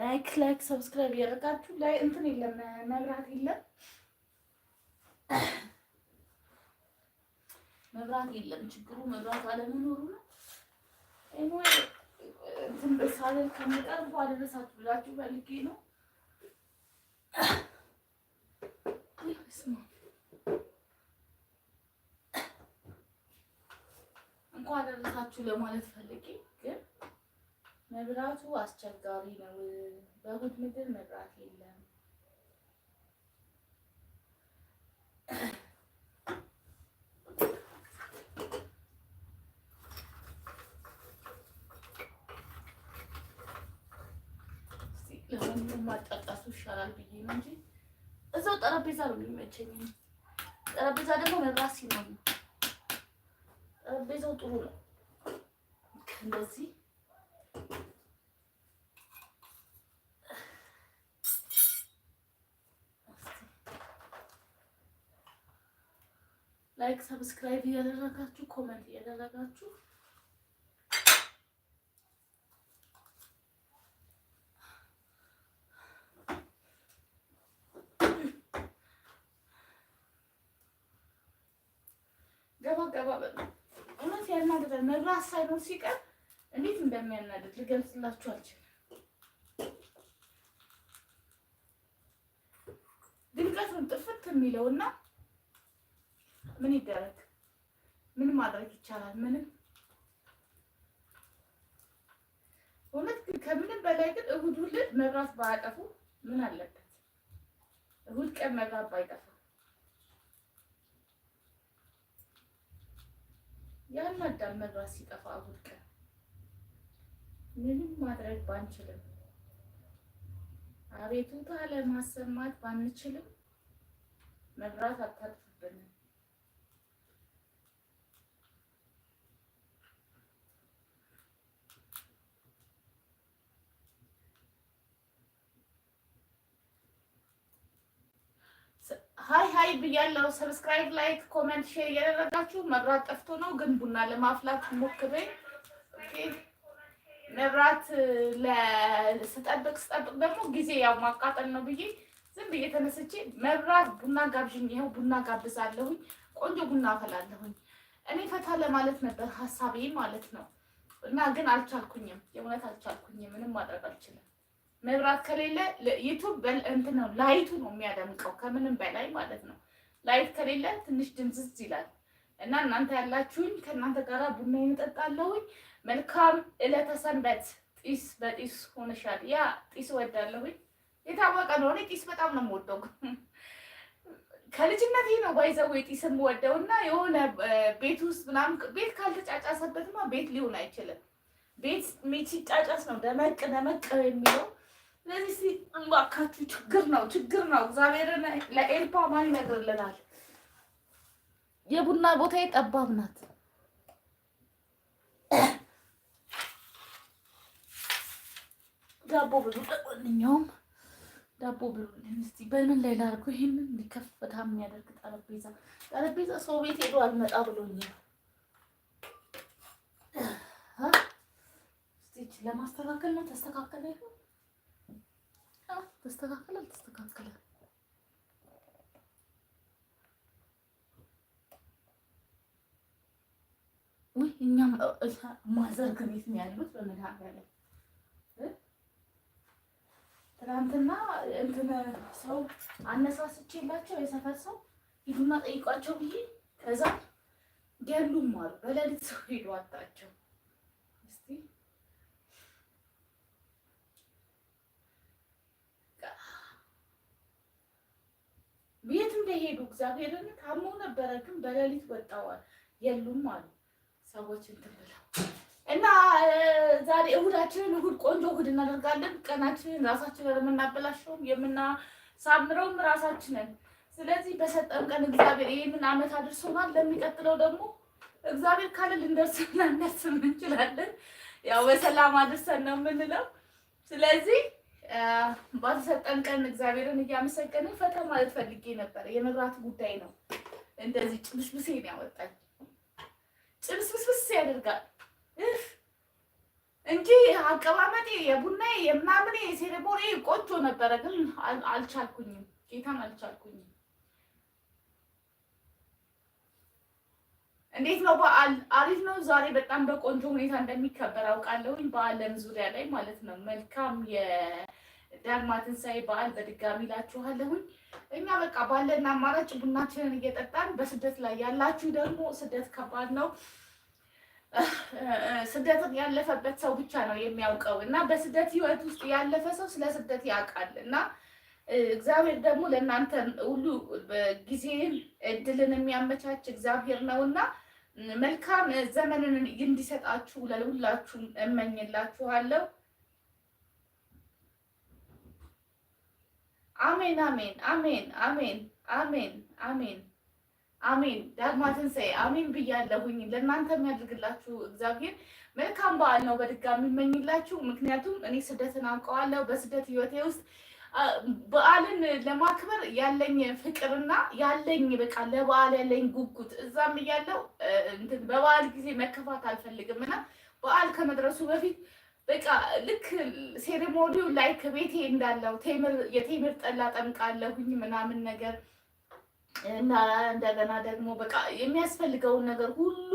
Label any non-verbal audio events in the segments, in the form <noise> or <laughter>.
ላይክ ላይክ ሰብስክራይብ እያደረጋችሁ ላይ እንትን የለም መብራት የለም መብራት የለም። ችግሩ መብራት አለመኖሩ ነው። ኤኒዌይ እንትን በሳለን ከመቀርቡ አደረሳችሁ ብላችሁ ፈልጌ ነው። እንኳን አደረሳችሁ ለማለት ፈልጌ ግን መብራቱ አስቸጋሪ ነው። በእሑድ ምድር መብራት የለም። ማጣጣሱ ይሻላል ብዬ ነው እንጂ እዛው ጠረጴዛ ነው የሚመቸኝ። ጠረጴዛ ደግሞ መብራት ሲኖር ነው። ጠረጴዛው ጥሩ ነው እንደዚህ ላይክ ሰብስክራይብ እያደረጋችሁ ኮመንት እያደረጋችሁ ገባ ገባ እውነት ያናግዳል። መብራት ሳይሆን ሲቀር እንዴት እንደሚያናድድ ልገልጽላችሁ አልችልም። ድንቀት ነው ጥፍት የሚለውና ምን ይደረግ? ምን ማድረግ ይቻላል? ምንም እውነት ግን ከምንም በላይ ግን እሁድ ሁለት መብራት ባያጠፉ ምን አለበት? እሁድ ቀን መብራት ባይጠፋ አዳም መብራት ሲጠፋ እሁድ ቀን ምንም ማድረግ ባንችልም አቤቱታ ለማሰማት ባንችልም መብራት አታጥፉብንም። ሀይ ሀይ ብያለው። ሰብስክራይብ፣ ላይክ፣ ኮመንት፣ ሼር እያደረጋችሁ መብራት ጠፍቶ ነው ግን ቡና ለማፍላት ሞክሬ መብራት ስጠብቅ ስጠብቅ ደግሞ ጊዜ ያው ማቃጠል ነው ብዬ ዝም ብዬ ተነስቼ መብራት ቡና ጋብዥኝ፣ ይኸው ቡና ጋብዛለሁኝ፣ ቆንጆ ቡና አፈላለሁኝ። እኔ ፈታ ለማለት ነበር ሀሳቤ ማለት ነው። እና ግን አልቻልኩኝም፣ የእውነት አልቻልኩኝም። ምንም ማድረግ አልችልም። መብራት ከሌለ ዩቱብ እንትን ነው ላይቱ ነው የሚያደምቀው ከምንም በላይ ማለት ነው። ላይት ከሌለ ትንሽ ድምዝዝ ይላል እና እናንተ ያላችሁኝ ከእናንተ ጋር ቡና እንጠጣለሁኝ። መልካም ዕለተ ሰንበት። ጢስ በጢስ ሆነሻል። ያ ጢስ እወዳለሁኝ። የታወቀ ነው። እኔ ጢስ በጣም ነው የምወደው። ከልጅነት ነው ባይዘው ጢስ የምወደው እና የሆነ ቤት ውስጥ ምናምን ቤት ካልተጫጫሰበትማ ቤት ሊሆን አይችልም። ቤት ሲጫጫስ ነው ደመቅ ደመቅ የሚለው ለዚህ እባካችሁ ችግር ነው ችግር ነው። እግዚአብሔርን ለኤልፓ ማን ይነግርልናል? የቡና ቦታዬ ጠባብ ናት። ዳቦ ብሉ። ለማንኛውም ዳቦ ብሉ። እስኪ በምን ላይ ላድርገው? ይሄንን ሊከፍ የሚያደርግ ጠረጴዛ ጠረጴዛ ሰው ቤት ሄዶ አልመጣ ብሎኛል። ለማስተካከል ነው ተስተካከለ። ተስተካከለ አልተስተካከለ ወይ እኛም ማዘር ከቤት ነው ያሉት። በመድኃኒዓለም ትናንትና እንትን ሰው አነሳስቼላቸው የሰፈር ሰው ሂዱና ጠይቋቸው ብዬ ከዛ ገሉም አሉ። በሌሊት ሰው ሄዱ አጣቸው። ቤት እንደሄዱ እግዚአብሔርን ታመው ነበረ፣ ግን በሌሊት ወጣዋል የሉም አሉ ሰዎች እንትን ብለው እና ዛሬ እሁዳችንን እሁድ ቆንጆ እሁድ እናደርጋለን። ቀናችንን ራሳችንን የምናበላሸውም የምናሳምረውም ራሳችንን። ስለዚህ በሰጠን ቀን እግዚአብሔር ይህንን ዓመት አድርሶናል። ለሚቀጥለው ደግሞ እግዚአብሔር ካለ ልንደርስና እነስም እንችላለን። ያው በሰላም አድርሰን ነው የምንለው። ስለዚህ ባልተሰጠን ቀን እግዚአብሔርን እያመሰገንን ፈታ ማለት ፈልጌ ነበር። የመብራት ጉዳይ ነው። እንደዚህ ጭብስብሴ ነው ያወጣኝ። ጭብስብስብስ ያደርጋል እንጂ አቀማመጤ የቡና የምናምን የሴሬሞኒ ቆንጆ ነበረ፣ ግን አልቻልኩኝም። ጌታን አልቻልኩኝም። እንዴት ነው በዓል? አሪፍ ነው። ዛሬ በጣም በቆንጆ ሁኔታ እንደሚከበር አውቃለሁኝ በዓለም ዙሪያ ላይ ማለት ነው። መልካም የዳግማ ትንሣኤ በዓል በድጋሚ ላችኋለሁኝ። እኛ በቃ ባለን አማራጭ ቡናችንን እየጠጣን በስደት ላይ ያላችሁ ደግሞ ስደት ከባድ ነው። ስደትን ያለፈበት ሰው ብቻ ነው የሚያውቀው እና በስደት ህይወት ውስጥ ያለፈ ሰው ስለ ስደት ያውቃል እና እግዚአብሔር ደግሞ ለእናንተ ሁሉ ጊዜን እድልን የሚያመቻች እግዚአብሔር ነው እና። መልካም ዘመንን እንዲሰጣችሁ ለሁላችሁ እመኝላችኋለሁ። አሜን አሜን አሜን አሜን አሜን አሜን አሜን። ዳግማ ትንሣኤ አሜን ብያለሁኝ። ለእናንተ የሚያደርግላችሁ እግዚአብሔር መልካም በዓል ነው በድጋሚ የሚመኝላችሁ ምክንያቱም እኔ ስደትን አውቀዋለሁ። በስደት ህይወቴ ውስጥ በዓልን ለማክበር ያለኝ ፍቅርና ያለኝ በቃ ለበዓል ያለኝ ጉጉት እዛም እያለው እንትን በበዓል ጊዜ መከፋት አልፈልግም እና በዓል ከመድረሱ በፊት በቃ ልክ ሴሬሞኒው ላይ ከቤቴ እንዳለው የቴምር ጠላ ጠምቃለሁኝ ምናምን ነገር እና እንደገና ደግሞ በቃ የሚያስፈልገውን ነገር ሁሉ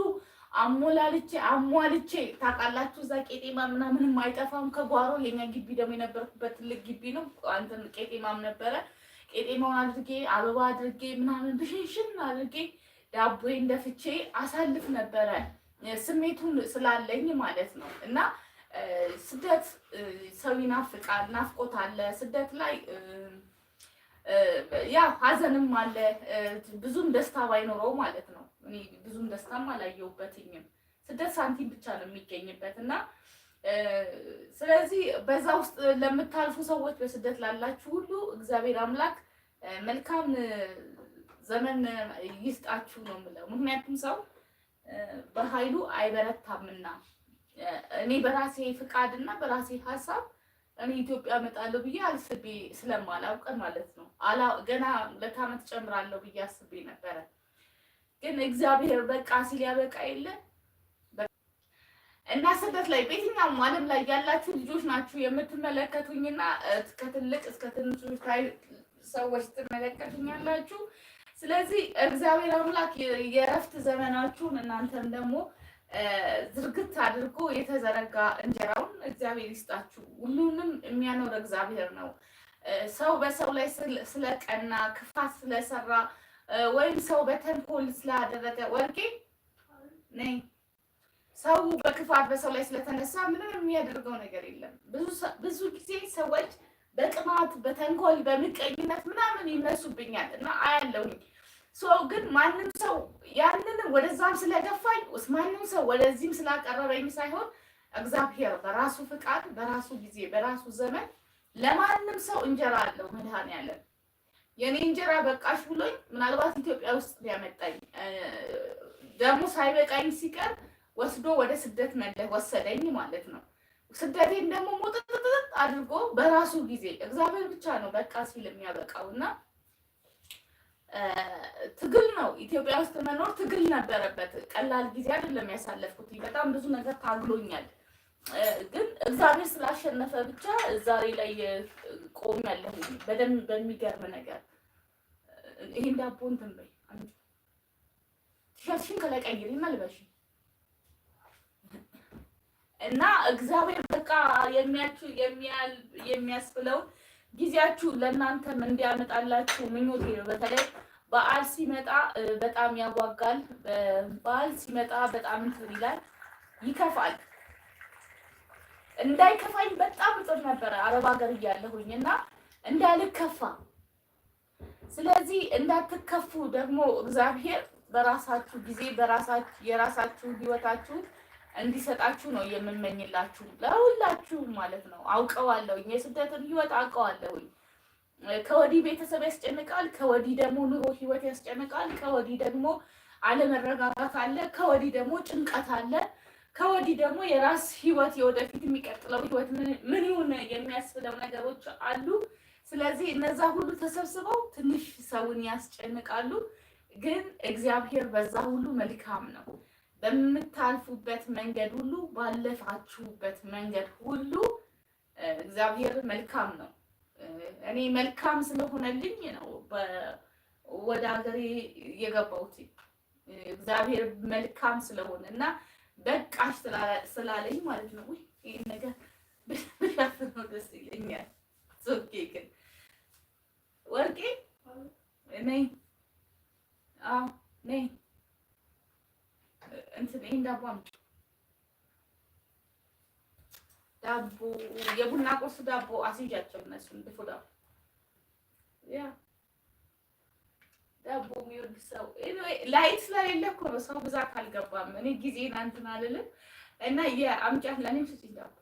አሞላልቼ አሟልቼ ታውቃላችሁ። እዛ ቄጤማ ምናምንም አይጠፋም ከጓሮ የኛ ግቢ ደግሞ የነበርኩበት ትልቅ ግቢ ነው። አንተን ቄጤማም ነበረ። ቄጤማውን አድርጌ አበባ አድርጌ ምናምን ብሽንሽን አድርጌ ዳቦ እንደፍቼ አሳልፍ ነበረ። ስሜቱን ስላለኝ ማለት ነው። እና ስደት ሰው ይናፍቃል፣ ናፍቆት አለ ስደት ላይ ያ ሀዘንም አለ ብዙም ደስታ ባይኖረው ማለት ነው። እኔ ብዙም ደስታም አላየውበትኝም። ስደት ሳንቲም ብቻ ነው የሚገኝበት እና ስለዚህ በዛ ውስጥ ለምታልፉ ሰዎች በስደት ላላችሁ ሁሉ እግዚአብሔር አምላክ መልካም ዘመን ይስጣችሁ ነው የምለው። ምክንያቱም ሰው በኃይሉ አይበረታምና እኔ በራሴ ፍቃድ እና በራሴ ሀሳብ እኔ ኢትዮጵያ እመጣለሁ ብዬ አልስቤ ስለማላውቅ ማለት ነው። ገና ሁለት ዓመት ጨምራለሁ ብዬ አስቤ ነበረ። ግን እግዚአብሔር በቃ ሲል ያበቃ የለ እና ስደት ላይ በየትኛውም ዓለም ላይ ያላችሁ ልጆች ናችሁ የምትመለከቱኝና ከትልቅ እስከ ትንሹ ሰዎች ትመለከቱኝ ያላችሁ። ስለዚህ እግዚአብሔር አምላክ የእረፍት ዘመናችሁን እናንተም ደግሞ ዝርግት አድርጎ የተዘረጋ እንጀራውን እግዚአብሔር ይስጣችሁ። ሁሉንም የሚያኖር እግዚአብሔር ነው። ሰው በሰው ላይ ስለቀና ክፋት ስለሰራ ወይም ሰው በተንኮል ስላደረገ ወርቄ ነይ ሰው በክፋት በሰው ላይ ስለተነሳ ምንም የሚያደርገው ነገር የለም። ብዙ ጊዜ ሰዎች በቅማት በተንኮል በምቀኝነት ምናምን ይነሱብኛል እና አያለሁኝ ሰው ግን ማንም ሰው ያንንም ወደዛም ስለገፋኝ ማንም ሰው ወደዚህም ስላቀረበኝ ሳይሆን እግዚአብሔር በራሱ ፍቃድ በራሱ ጊዜ በራሱ ዘመን ለማንም ሰው እንጀራ አለው መድኃኔዓለም። የኔ እንጀራ በቃሽ ብሎኝ ምናልባት ኢትዮጵያ ውስጥ ሊያመጣኝ ደግሞ ሳይበቃኝ ሲቀር ወስዶ ወደ ስደት መለ ወሰደኝ ማለት ነው። ስደቴን ደግሞ ሙጥጥጥጥ አድርጎ በራሱ ጊዜ እግዚአብሔር ብቻ ነው በቃ ሲል የሚያበቃው እና ትግል ነው። ኢትዮጵያ ውስጥ መኖር ትግል ነበረበት። ቀላል ጊዜ አይደለም ያሳለፍኩት። በጣም ብዙ ነገር ታግሎኛል። ግን እግዚአብሔር ስላሸነፈ ብቻ ዛሬ ላይ ቆም ያለሁ በደንብ በሚገርም ነገር ይሄን ዳቦ እንትን በይ ቲሸርትሽን ከለቀይሪ መልበሽ እና እግዚአብሔር በቃ የሚያስብለውን ጊዜያችሁ ለእናንተም እንዲያመጣላችሁ ምኞቴ ነው። በተለይ በዓል ሲመጣ በጣም ያጓጋል። በዓል ሲመጣ በጣም እንትን ይላል፣ ይከፋል። እንዳይከፋኝ በጣም ጥር ነበረ አረብ ሀገር እያለሁኝ እና እንዳልከፋ። ስለዚህ እንዳትከፉ ደግሞ እግዚአብሔር በራሳችሁ ጊዜ በራሳችሁ የራሳችሁ ህይወታችሁ እንዲሰጣችሁ ነው የምመኝላችሁ ለሁላችሁ ማለት ነው። አውቀዋለሁኝ የስደትን ህይወት አውቀዋለሁኝ። ከወዲህ ቤተሰብ ያስጨንቃል፣ ከወዲህ ደግሞ ኑሮ ህይወት ያስጨንቃል፣ ከወዲህ ደግሞ አለመረጋጋት አለ፣ ከወዲህ ደግሞ ጭንቀት አለ፣ ከወዲህ ደግሞ የራስ ህይወት የወደፊት የሚቀጥለው ህይወት ምን ይሁን የሚያስብለው ነገሮች አሉ። ስለዚህ እነዛ ሁሉ ተሰብስበው ትንሽ ሰውን ያስጨንቃሉ። ግን እግዚአብሔር በዛ ሁሉ መልካም ነው። በምታልፉበት መንገድ ሁሉ ባለፋችሁበት መንገድ ሁሉ እግዚአብሔር መልካም ነው። እኔ መልካም ስለሆነልኝ ነው ወደ ሀገሬ የገባሁት እግዚአብሔር መልካም ስለሆነ እና በቃሽ ስላለኝ ማለት ነው። ይህ ነገር ብላፍነው ደስ ይለኛል። ሶኬ ግን ወርቄ ነይ ነይ እንትን ይሄን ዳቦ አምጪ። ዳቦ የቡና ቁርስ ዳቦ አስይዣቸው እነሱን ድፎ ዳቦ ያ ዳቦ የሚወድ ሰው ላይት ስለሌለ እኮ ነው ብዛት አልገባም። እኔ ጊዜ ናንትን አልልም እና የአምጫት ለእኔም ስጭኝ ዳቦ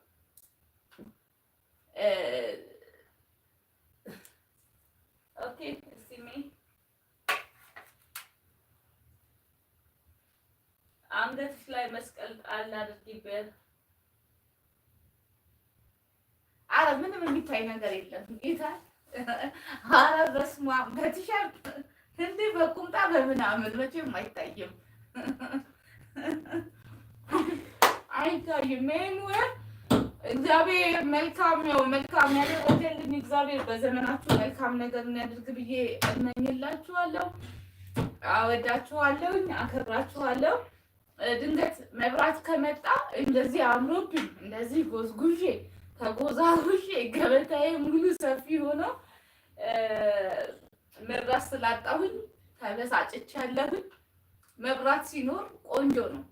ኦኬ እስቲ አንገትሽ ላይ መስቀል ጣል አድርጊበት። አረ ምንም የሚታይ ነገር የለም ጌታ። አረ በስመ አብ በቲሸርት እንዴ በቁምጣ በምናምን መቼም አይታይም አይታይም። ይሄን እግዚአብሔር መልካም ነው መልካም ያደረገልኝ እግዚአብሔር በዘመናችሁ መልካም ነገር የሚያደርግ ብዬ እመኝላችኋለሁ። አወዳችኋለሁኝ፣ አከብራችኋለሁ። ድንገት መብራት ከመጣ እንደዚህ አምሮብኝ እንደዚህ ጎዝጉዤ ተጎዛጉዤ ገበታዬ ሙሉ ሰፊ ሆኖ መብራት ስላጣሁኝ ተበሳጭቻለሁኝ። መብራት ሲኖር ቆንጆ ነው።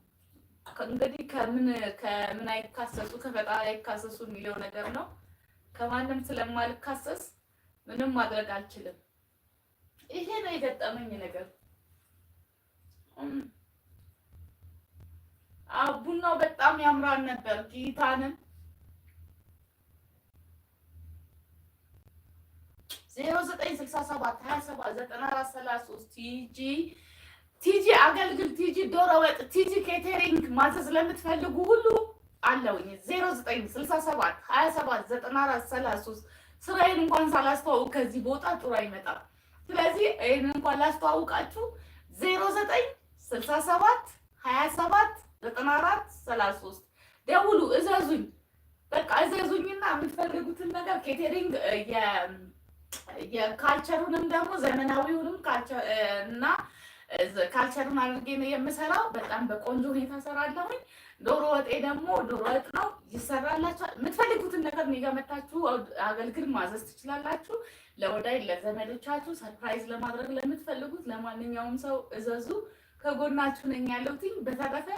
እንግዲህ ከምን ከምን አይካሰሱ ከፈጣሪ አይካሰሱ የሚለው ነገር ነው። ከማንም ስለማልካሰስ ምንም ማድረግ አልችልም። ይሄ ነው የገጠመኝ ነገር። ቡናው በጣም ያምራል ነበር። ጌታንም ዜሮ ዘጠኝ ስልሳ ሰባት ሀያ ሰባት ዘጠና አራት ሰላሳ ሶስት ቲጂ ቲጂ አገልግል ቲጂ ዶሮ ወጥ ቲጂ ኬቴሪንግ ማዘዝ ለምትፈልጉ ሁሉ አለውኝ። ዜሮ ዘጠኝ ስልሳ ሰባት ሀያ ሰባት ዘጠና አራት ሰላሳ ሶስት ስራዬን እንኳን ሳላስተዋውቅ ከዚህ ቦታ ጥሩ አይመጣም። ስለዚህ ይህን እንኳን ላስተዋውቃችሁ ዜሮ ዘጠኝ ስልሳ ሰባት ሀያ ሰባት ዘጠና አራት ሰላሳ ሶስት ደውሉ፣ እዘዙኝ። በቃ እዘዙኝና የምትፈልጉትን ነገር ኬቴሪንግ የካልቸሩንም ደግሞ ዘመናዊውንም እና ካልቸሩን አድርጌ ነው የምሰራው። በጣም በቆንጆ ሁኔታ ሰራለሁኝ። ዶሮ ወጤ ደግሞ ዶሮ ወጥ ነው ይሰራላችኋል። የምትፈልጉትን ነገር እኔ ጋ መታችሁ አገልግል ማዘዝ ትችላላችሁ። ለወዳይ ለዘመዶቻችሁ ሰርፕራይዝ ለማድረግ ለምትፈልጉት ለማንኛውም ሰው እዘዙ። ከጎናችሁ ነኝ ያለሁትኝ። በተረፈ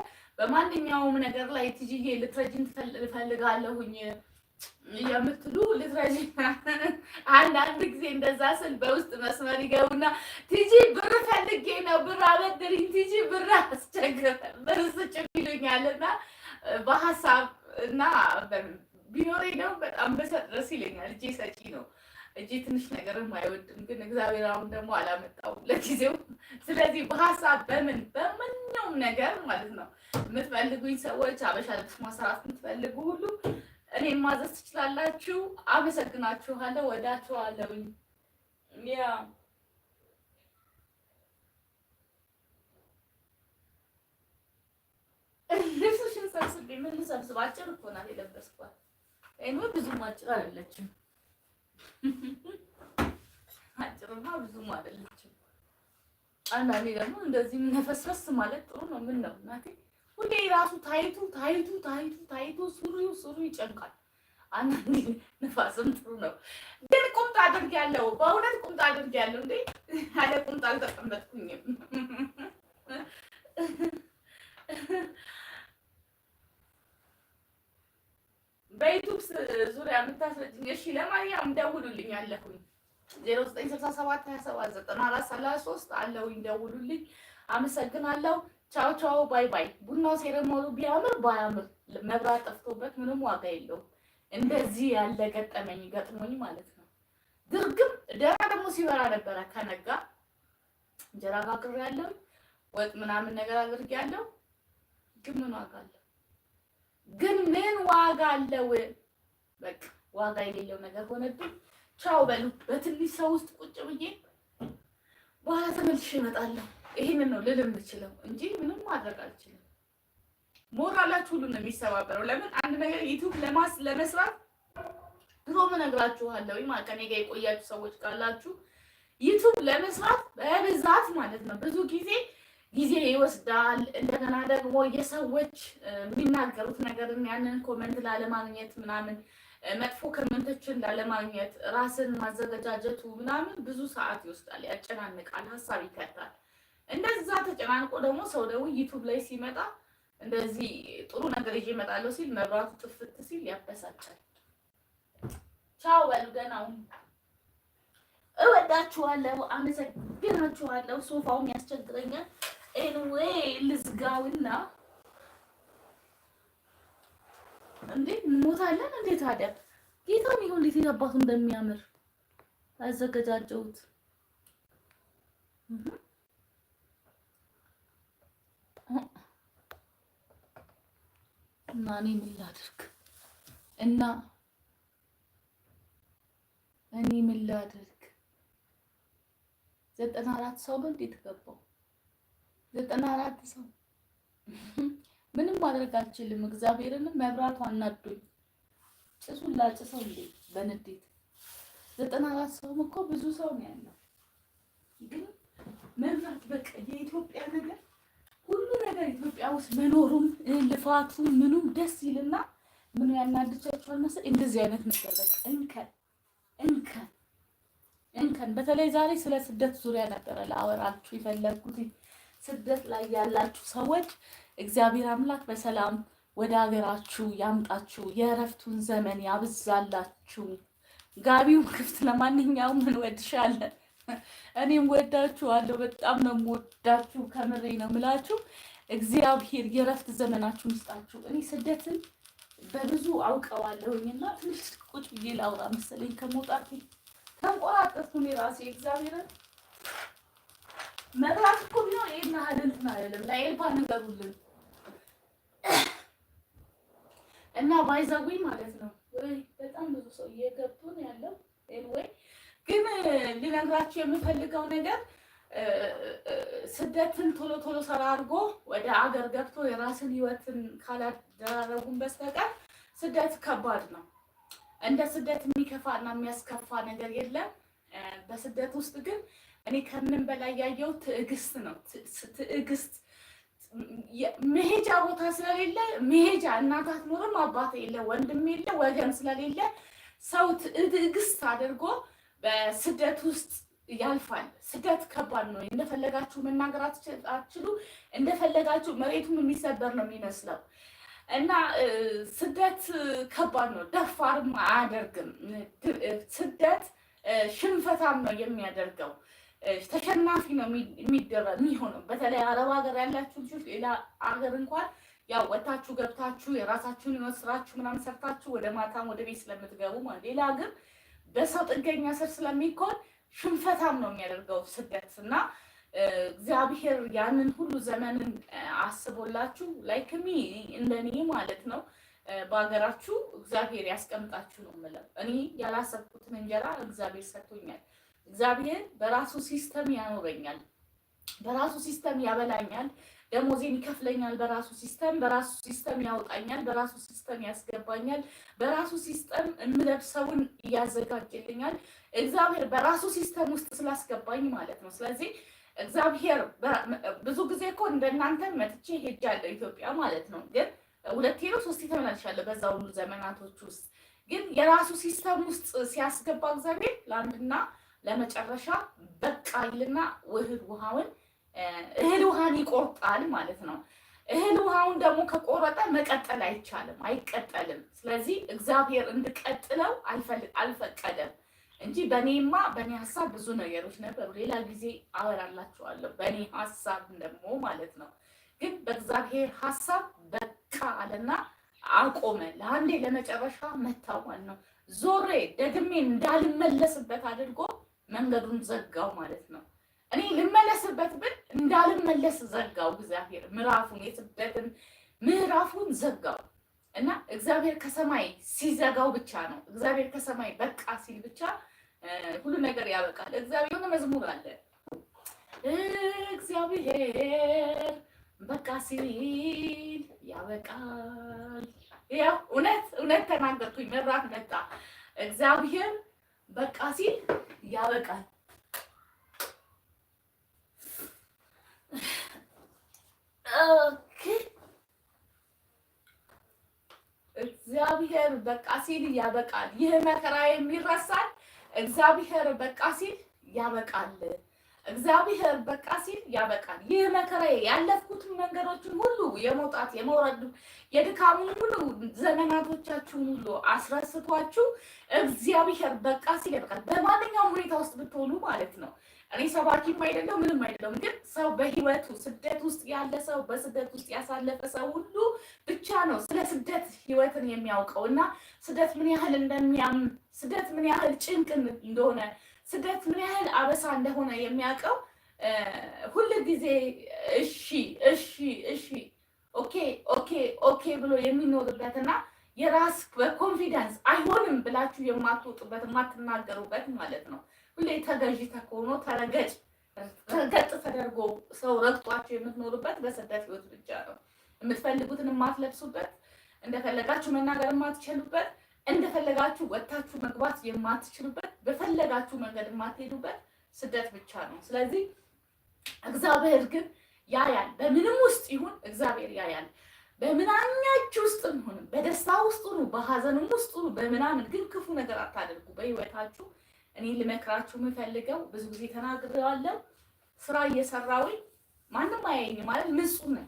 በማንኛውም ነገር ላይ ትጂዬ ልትረጅኝ እፈልጋለሁኝ የምትሉ ልትረጅኝ <laughs> አንዳንድ ጊዜ እንደዛ ስል በውስጥ መስመር ይገቡና ትጂ ብር ፈልጌ ነው ብር አበድሪኝ፣ ትጂ ብር አስቸግረ <laughs> ብር ስጭኝ ይሉኛል እና በሀሳብ እና ቢኖሬ ነው በጣም በሰጥ ደስ ይለኛል። እጄ ሰጪ ነው። እጅ ትንሽ ነገርም አይወድም፣ ግን እግዚአብሔር አሁን ደግሞ አላመጣውም ለጊዜው። ስለዚህ በሀሳብ በምን በምንም ነገር ማለት ነው የምትፈልጉኝ ሰዎች አበሻ ልብስ ማሰራት የምትፈልጉ ሁሉ እኔ ማዘዝ ትችላላችሁ። አመሰግናችኋለሁ፣ ወዳችኋለሁኝ። ያ ልብሶችን ሰብስቤ ምን ሰብስብ አጭር እኮ ናት የለበስኳት። ብዙም አጭር አይደለችም። አጭርማ ብዙም አይደለችም። አንዳንዴ ደግሞ እንደዚህ ነፈስፈስ ማለት ጥሩ ነው። ምን ነው እናቴ ሁሌ ራሱ ታይቱ ታይቱ ታይቱ ታይቱ ሱሪው ሱሪው ይጨንቃል። አንዳንዴ ነፋስም ጥሩ ነው። ግን ቁምጣ አድርጌያለሁ፣ በእውነት ቁምጣ አድርጌያለሁ። እንዴ ያለ ቁምጣ አልተቀመጥኩኝም። በክስ ዙሪያ የምታስረጅኝ እሺ፣ ለማንኛውም ደውሉልኝ አለሁኝ። ዜሮ ዘጠኝ አለሁኝ። ደውሉልኝ። አመሰግናለሁ። ቻው ቻው፣ ባይ ባይ። ቡናው ሴረሞኑ ቢያምር ባያምር መብራት ጠፍቶበት ምንም ዋጋ የለውም። እንደዚህ ያለ ገጠመኝ ገጥሞኝ ማለት ነው። ድርግም ደራ ደግሞ ሲበራ ነበረ። ከነጋ እንጀራ ያለው ወጥ ምናምን ነገር አድርጌያለሁ። ግን ምን ዋጋ አለው? ግን ምን ዋጋ አለው? በቃ ዋጋ የሌለው ነገር ሆነብኝ። ቻው በሉ። በትንሽ ሰው ውስጥ ቁጭ ብዬ በኋላ ተመልሼ እመጣለሁ። ይሄንን ነው ልል የምችለው እንጂ ምንም ማድረግ አልችልም። ሞራላችሁ ሁሉ ነው የሚሰባበረው። ለምን አንድ ነገር ዩቲዩብ ለማስ ለመስራት ድሮም እነግራችኋለሁ። ከእኔ ጋር የቆያችሁ ሰዎች ካላችሁ ዩቲዩብ ለመስራት በብዛት ማለት ነው ብዙ ጊዜ ጊዜ ይወስዳል። እንደገና ደግሞ የሰዎች የሚናገሩት ነገር ያንን ኮመንት ላለማግኘት ምናምን መጥፎ ኮመንቶችን ላለማግኘት ራስን ማዘገጃጀቱ ምናምን ብዙ ሰዓት ይወስዳል፣ ያጨናንቃል፣ ሀሳብ ይከታል። እንደዛ ተጨናንቆ ደግሞ ሰው ደግሞ ዩቱብ ላይ ሲመጣ እንደዚህ ጥሩ ነገር ይዤ እመጣለሁ ሲል መብራቱ ጥፍት ሲል ያበሳጫል። ቻው በሉ ገናው እወዳችኋለሁ፣ አመሰግናችኋለሁ። ሶፋውም ያስቸግረኛል። ኤንዌይ ልዝጋውና እንዴ እንሞታለን እንዴ ታዲያ ጌታም ይሁን ልጅ አባቱ እንደሚያምር አዘገጃጀሁት። እና እኔ ምን ላድርግ እና እኔ ምን ላድርግ? ዘጠና አራት ሰው ነው ገባው? ዘጠና አራት ሰው ምንም ማድረግ አልችልም። እግዚአብሔርንም መብራቱ አናዶኝ ጭሱን ላጭሰው እንዴ በንዴት ዘጠና አራት ሰውም እኮ ብዙ ሰው ነው ያለው። ግን መብራት በቃ የኢትዮጵያ ነገር ሁሉ ነገር ኢትዮጵያ ውስጥ መኖሩም ልፋቱም ምኑም ደስ ይልና ምኑ ያናድቻቸዋል መሰል እንደዚህ አይነት ነገር በቃ እንከን እንከን እንከን። በተለይ ዛሬ ስለ ስደት ዙሪያ ነበረ ለአወራችሁ የፈለግኩት ስደት ላይ ያላችሁ ሰዎች እግዚአብሔር አምላክ በሰላም ወደ ሀገራችሁ ያምጣችሁ፣ የእረፍቱን ዘመን ያብዛላችሁ። ጋቢውን ክፍት ለማንኛውም እንወድሻለን። እኔም ወዳችኋለሁ። በጣም ነው የምወዳችሁ። ከምሬ ነው የምላችሁ። እግዚአብሔር የእረፍት ዘመናችሁን ይስጣችሁ። እኔ ስደትን በብዙ እና ትንሽ ቁጭ ብዬ ላውራ መሰለኝ ከመውጣት ተንቆራጠርኩኝ ራሴ እግዚአብሔርን መብራት እኮ ቢሆን ይህን ያህል እንትን አይደለም። ለኤልፓ ንገሩልን እና ባይዘጉኝ ማለት ነው ወይ በጣም ብዙ ሰው እየገቡ ነው ያለው። ወይ ግን ልነግራችሁ የምፈልገው ነገር ስደትን ቶሎ ቶሎ ስራ አድርጎ ወደ አገር ገብቶ የራስን ህይወትን ካላደራረጉን በስተቀር ስደት ከባድ ነው። እንደ ስደት የሚከፋ እና የሚያስከፋ ነገር የለም። በስደት ውስጥ ግን እኔ ከምንም በላይ ያየው ትዕግስት ነው። ትዕግስት መሄጃ ቦታ ስለሌለ መሄጃ እናት አትኖርም፣ አባት የለ፣ ወንድም የለ፣ ወገን ስለሌለ ሰው ትዕግስት አድርጎ በስደት ውስጥ ያልፋል። ስደት ከባድ ነው። እንደፈለጋችሁ መናገር አትችሉ። እንደፈለጋችሁ መሬቱም የሚሰበር ነው የሚመስለው እና ስደት ከባድ ነው። ደፋርም አያደርግም። ስደት ሽንፈታም ነው የሚያደርገው። ተሸናፊ ነው የሚደረ የሚሆነው። በተለይ አረብ ሀገር ያላችሁ ልጆች ሌላ ሀገር እንኳን ያው ወታችሁ ገብታችሁ የራሳችሁን የሆነ ስራችሁ ምናምን ሰርታችሁ ወደ ማታም ወደ ቤት ስለምትገቡ ማለት ሌላ ሀገር በሰው ጥገኛ ስር ስለሚኮን ሽንፈታም ነው የሚያደርገው ስደት እና እግዚአብሔር ያንን ሁሉ ዘመንን አስቦላችሁ ላይክሚ እንደኔ ማለት ነው በሀገራችሁ እግዚአብሔር ያስቀምጣችሁ ነው የምለው። እኔ ያላሰብኩትን እንጀራ እግዚአብሔር ሰጥቶኛል። እግዚአብሔር በራሱ ሲስተም ያኖረኛል፣ በራሱ ሲስተም ያበላኛል፣ ደሞዜን ይከፍለኛል፣ በራሱ ሲስተም በራሱ ሲስተም ያወጣኛል፣ በራሱ ሲስተም ያስገባኛል፣ በራሱ ሲስተም የምለብሰውን እያዘጋጅልኛል። እግዚአብሔር በራሱ ሲስተም ውስጥ ስላስገባኝ ማለት ነው። ስለዚህ እግዚአብሔር ብዙ ጊዜ እኮ እንደናንተ መጥቼ ሄጃለሁ ኢትዮጵያ ማለት ነው። ግን ሁለቴ ነው ሶስቴ ተመላልሻለሁ በዛ ሁሉ ዘመናቶች ውስጥ ግን የራሱ ሲስተም ውስጥ ሲያስገባ እግዚአብሔር ለአንድና ለመጨረሻ በቃ ይልና እህል ውሃውን እህል ውሃን ይቆርጣል ማለት ነው። እህል ውሃውን ደግሞ ከቆረጠ መቀጠል አይቻልም፣ አይቀጠልም። ስለዚህ እግዚአብሔር እንድቀጥለው አልፈቀደም እንጂ በእኔማ በእኔ ሀሳብ ብዙ ነገሮች ነበሩ። ሌላ ጊዜ አወራላችኋለሁ፣ በእኔ ሀሳብ ደግሞ ማለት ነው። ግን በእግዚአብሔር ሀሳብ በቃ አለና አቆመ። ለአንዴ ለመጨረሻ መታው ማለት ነው። ዞሬ ደግሜ እንዳልመለስበት አድርጎ መንገዱን ዘጋው ማለት ነው። እኔ ልመለስበት ብል እንዳልመለስ ዘጋው እግዚአብሔር ምዕራፉን፣ የስደትን ምዕራፉን ዘጋው እና እግዚአብሔር ከሰማይ ሲዘጋው ብቻ ነው። እግዚአብሔር ከሰማይ በቃ ሲል ብቻ ሁሉ ነገር ያበቃል። እግዚአብሔር የሆነ መዝሙር አለ እግዚአብሔር በቃ ሲል ያበቃል። ያው እውነት እውነት ተናገርኩኝ፣ ምዕራፍ መጣ እግዚአብሔር በቃ ሲል ያበቃል። እግዚአብሔር በቃ ሲል ያበቃል። ይህ መከራ የሚረሳል። እግዚአብሔር በቃ ሲል ያበቃል። እግዚአብሔር በቃ ሲል ያበቃል። ይህ መከራ ያለፍኩትን መንገዶችን ሁሉ የመውጣት የመውረዱ የድካሙን ሁሉ ዘመናቶቻችሁን ሁሉ አስረስቷችሁ እግዚአብሔር በቃ ሲል ያበቃል። በማንኛውም ሁኔታ ውስጥ ብትሆኑ ማለት ነው። እኔ ሰባኪም አይደለው ምንም አይደለውም። ግን ሰው በህይወቱ ስደት ውስጥ ያለ ሰው በስደት ውስጥ ያሳለፈ ሰው ሁሉ ብቻ ነው ስለ ስደት ህይወትን የሚያውቀው እና ስደት ምን ያህል እንደሚያም ስደት ምን ያህል ጭንቅ እንደሆነ ስደት ምን ያህል አበሳ እንደሆነ የሚያውቀው ሁል ጊዜ እሺ እሺ እሺ ኦኬ ኦኬ ኦኬ ብሎ የሚኖርበት እና የራስ በኮንፊደንስ አይሆንም ብላችሁ የማትወጡበት የማትናገሩበት ማለት ነው። ሁሌ ተገዥ ተኮኖ ተረገጭ ተገጥ ተደርጎ ሰው ረግጧችሁ የምትኖሩበት በስደት ህይወት ብቻ ነው። የምትፈልጉትን የማትለብሱበት እንደፈለጋችሁ መናገር የማትችሉበት እንደፈለጋችሁ ወጥታችሁ መግባት የማትችሉበት በፈለጋችሁ መንገድ የማትሄዱበት ስደት ብቻ ነው። ስለዚህ እግዚአብሔር ግን ያያል። በምንም ውስጥ ይሁን እግዚአብሔር ያያል። በምናኛችሁ ውስጥ ሁን፣ በደስታ ውስጥ ሁኑ፣ በሀዘንም ውስጥ ሁኑ፣ በምናምን ግን ክፉ ነገር አታደርጉ በህይወታችሁ። እኔ ልመክራችሁ የምፈልገው ብዙ ጊዜ ተናግሬዋለሁ። ስራ እየሰራሁኝ ማንም አያየኝ ማለት ንጹህ ነው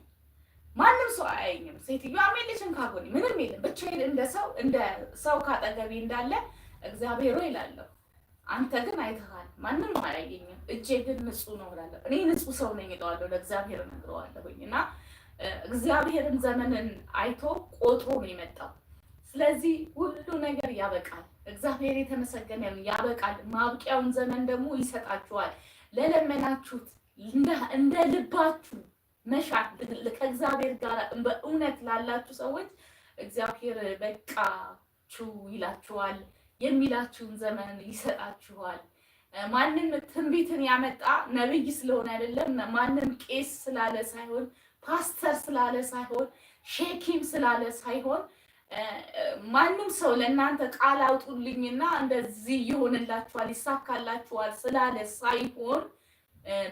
ማንም ሰው አያየኝም። ሴትዮዋ ሜሌሽን ካልሆነ ምንም የለም። ብቻዬን እንደ ሰው እንደ ሰው ካጠገቤ እንዳለ እግዚአብሔር ይላለሁ። አንተ ግን አይተሃል። ማንም አያየኝም። እጄ ግን ንጹህ ነው እላለሁ። እኔ ንጹህ ሰው ነኝ እለዋለሁ። ለእግዚአብሔር እነግረዋለሁኝ እና እግዚአብሔርን ዘመንን አይቶ ቆጥሮ ነው የመጣው። ስለዚህ ሁሉ ነገር ያበቃል። እግዚአብሔር የተመሰገነ ያበቃል። ማብቂያውን ዘመን ደግሞ ይሰጣችኋል ለለመናችሁት እንደ ልባችሁ መሻት ከእግዚአብሔር ጋር በእውነት ላላችሁ ሰዎች እግዚአብሔር በቃችሁ ይላችኋል። የሚላችሁን ዘመን ይሰጣችኋል። ማንም ትንቢትን ያመጣ ነብይ ስለሆነ አይደለም። ማንም ቄስ ስላለ ሳይሆን፣ ፓስተር ስላለ ሳይሆን፣ ሼኪም ስላለ ሳይሆን ማንም ሰው ለእናንተ ቃል አውጡልኝና እንደዚህ ይሆንላችኋል፣ ይሳካላችኋል ስላለ ሳይሆን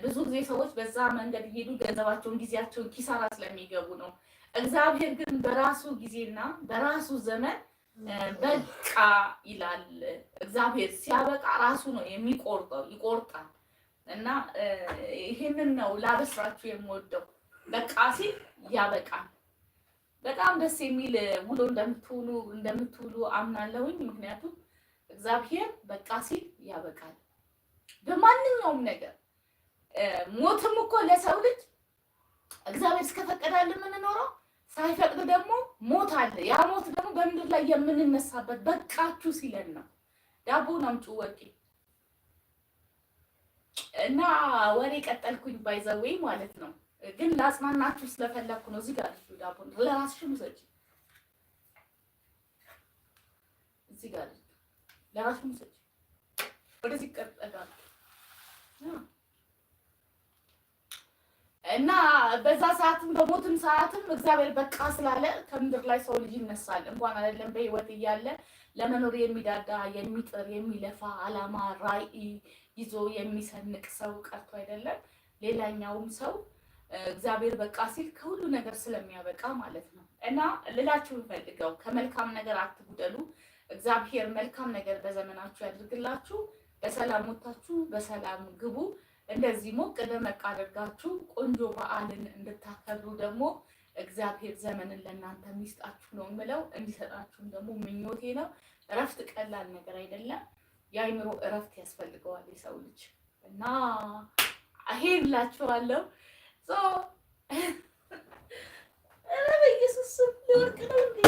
ብዙ ጊዜ ሰዎች በዛ መንገድ እየሄዱ ገንዘባቸውን፣ ጊዜያቸውን ኪሳራ ስለሚገቡ ነው። እግዚአብሔር ግን በራሱ ጊዜና በራሱ ዘመን በቃ ይላል። እግዚአብሔር ሲያበቃ ራሱ ነው የሚቆርጠው፣ ይቆርጣል። እና ይህንን ነው ላበስራችሁ የምወደው። በቃ ሲል ያበቃል። በጣም ደስ የሚል ውሎ እንደምትውሉ እንደምትውሉ አምናለሁኝ። ምክንያቱም እግዚአብሔር በቃ ሲል ያበቃል በማንኛውም ነገር ሞትም እኮ ለሰው ልጅ እግዚአብሔር እስከፈቀዳል የምንኖረው ሳይፈቅድ ደግሞ ሞት አለ። ያ ሞት ደግሞ በምድር ላይ የምንነሳበት በቃችሁ ሲለን ነው። ዳቦ ናምጩ ወቂ እና ወሬ ቀጠልኩኝ ባይዘወይ ማለት ነው። ግን ላጽናናችሁ ስለፈለግኩ ነው። እዚህ ጋር ዳቦ ለራስሽም ውሰጂ፣ እዚህ ጋር ለራስሽም ውሰጂ። ወደዚህ ቀጠጋል እና በዛ ሰዓትም በሞትም ሰዓትም እግዚአብሔር በቃ ስላለ ከምድር ላይ ሰው ልጅ ይነሳል። እንኳን አይደለም በህይወት እያለ ለመኖር የሚዳዳ የሚጥር የሚለፋ አላማ ራዕይ ይዞ የሚሰንቅ ሰው ቀርቶ አይደለም ሌላኛውም ሰው እግዚአብሔር በቃ ሲል ከሁሉ ነገር ስለሚያበቃ ማለት ነው። እና ልላችሁ የምፈልገው ከመልካም ነገር አትጉደሉ። እግዚአብሔር መልካም ነገር በዘመናችሁ ያድርግላችሁ። በሰላም ወጥታችሁ በሰላም ግቡ። እንደዚህ ሞቅ ደመቅ አድርጋችሁ ቆንጆ በዓልን እንድታከብሩ ደግሞ እግዚአብሔር ዘመንን ለእናንተ የሚስጣችሁ ነው የምለው። እንዲሰጣችሁም ደግሞ ምኞቴ ነው። እረፍት ቀላል ነገር አይደለም። የአይምሮ እረፍት ያስፈልገዋል የሰው ልጅ እና ይሄ ብላችኋለሁ። ኧረ በኢየሱስ ሊወርቅ ነው እንዴ?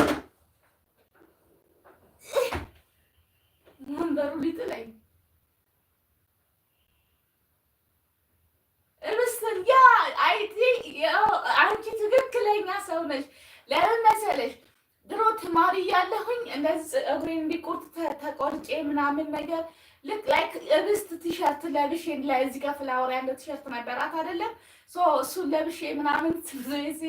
ሊጥለኝ እምስል ያ አይቲ አንቺ ትክክለኛ ሰው ነሽ። ለምን መሰለሽ ድሮ ተማሪ እያለሁኝ እንደዚህ እግሬን እንዲቆርጥ ተቆርጬ ምናምን ነገር ልክ ላይክ እብስት ቲሸርት ለብሼ እዚህ ጋር ፍላወር ያለው ቲሸርት ነበራት አይደለም? እሱን ለብሼ ምናምን ሲሄድ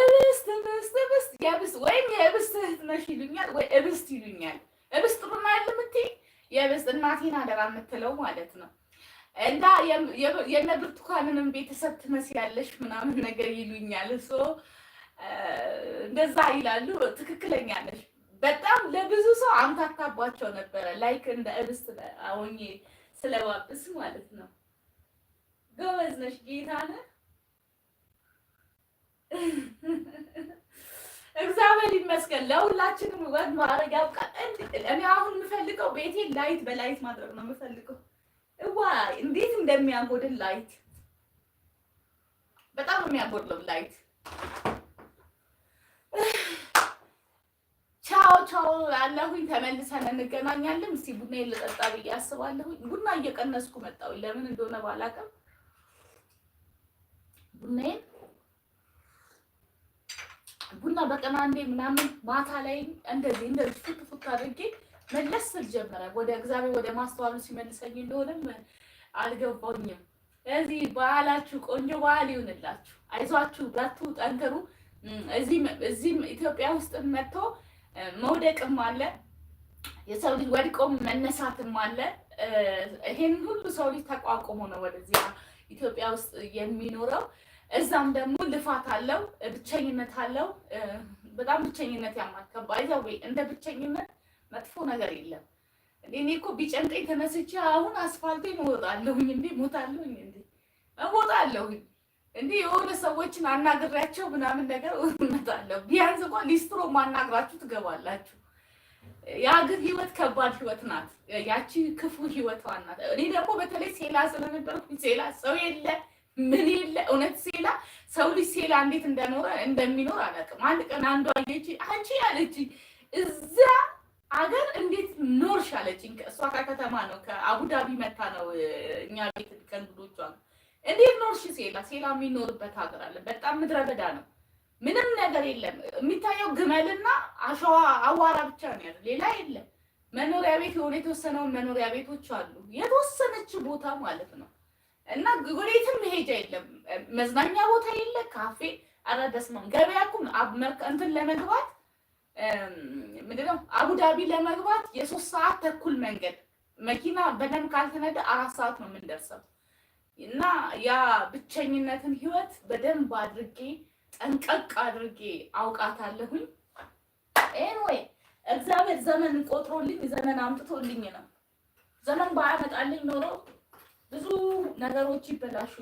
እብስት እብስት እብስት የብስት ወይም የእብስት እህት ነሽ ይሉኛል፣ ወይ እብስት ይሉኛል። እብስት ጥሩና ያለ የምትይ የእብስት እናቴን አደራ የምትለው ማለት ነው እና የእነ ብርቱካንንም ቤተሰብ ትመስያለሽ ምናምን ነገር ይሉኛል። እንደዛ ይላሉ። ትክክለኛ ነሽ። በጣም ለብዙ ሰው አምታታባቸው ነበረ። ላይክ እንደ እብስት አሁኜ ስለባብስ ማለት ነው። ጎበዝ ነሽ ጌታነ እግዚአብሔር ይመስገን። ለሁላችንም ወግ ማድረግ ያብቃል። እኔ አሁን የምፈልገው ቤቴን ላይት በላይት ማድረግ ነው የምፈልገው። እዋ እንዴት እንደሚያጎድል ላይት በጣም የሚያጎድለው ላይት። ቻው ቻው አለሁኝ። ተመልሰን እንገናኛለን። እስቲ ቡና ልጠጣ ብዬ አስባለሁኝ። ቡና እየቀነስኩ መጣሁኝ። ለምን እንደሆነ ባላውቅም ቡናዬን ቡና በቀን አንዴ ምናምን ማታ ላይ እንደዚህ እንደዚህ ፉት ፉት አድርጌ መለስ ስል ጀመረ። ወደ እግዚአብሔር ወደ ማስተዋሉ ሲመልሰኝ እንደሆነም አልገባኝም። እዚህ በዓላችሁ ቆንጆ በዓል ይሁንላችሁ። አይዟችሁ፣ በርቱ፣ ጠንክሩ። እዚህም ኢትዮጵያ ውስጥ መጥቶ መውደቅም አለ የሰው ልጅ ወድቆ መነሳትም አለ። ይሄን ሁሉ ሰው ልጅ ተቋቁሞ ነው ወደዚያ ኢትዮጵያ ውስጥ የሚኖረው። እዛም ደግሞ ልፋት አለው፣ ብቸኝነት አለው። በጣም ብቸኝነት ያማከባ ይዘዌ እንደ ብቸኝነት መጥፎ ነገር የለም። እኔ እኮ ቢጨንቀኝ ተነስቼ አሁን አስፋልቴ እወጣለሁኝ እንዴ ሞታለሁኝ እንዴ እሞታለሁኝ እንዴ የሆነ ሰዎችን አናግሪያቸው ምናምን ነገር እመጣለሁ። ቢያንስ እንኳን ሊስትሮ ማናግራችሁ ትገባላችሁ። የአገር ህይወት ከባድ ህይወት ናት። ያቺ ክፉ ህይወት ናት። እኔ ደግሞ በተለይ ሴላ ስለነበርኩ ሴላ ሰው የለ ምን የለ እውነት ሴላ ሰው ልጅ ሴላ እንዴት እንደኖረ እንደሚኖር አላውቅም። አንድ ቀን አንዷ አየች አንቺ ያለች እዛ አገር እንዴት ኖርሽ አለችኝ። እሷ ከከተማ ነው ከአቡዳቢ መታ ነው እኛ ቤት ከእንግዶቿ ነው። እንዴት ኖርሽ ሴላ? ሴላ የሚኖርበት ሀገር አለ። በጣም ምድረ በዳ ነው። ምንም ነገር የለም። የሚታየው ግመልና አሸዋ አዋራ ብቻ ነው ያለ፣ ሌላ የለም። መኖሪያ ቤት የሆነ የተወሰነውን መኖሪያ ቤቶች አሉ፣ የተወሰነች ቦታ ማለት ነው። እና ወዴትም መሄጃ የለም። መዝናኛ ቦታ የለ፣ ካፌ አረ፣ በስመ ገበያ እኮ እንትን ለመግባት ምንድነው አቡዳቢ ለመግባት የሶስት ሰዓት ተኩል መንገድ መኪና በደንብ ካልተነዳ አራት ሰዓት ነው የምንደርሰው። እና ያ ብቸኝነትን ህይወት በደንብ አድርጌ ጠንቀቅ አድርጌ አውቃታለሁኝ። ኤንዌይ እግዚአብሔር ዘመን ቆጥሮልኝ ዘመን አምጥቶልኝ ነው። ዘመን ባያመጣልኝ ኖሮ ብዙ ነገሮች ይበላሹ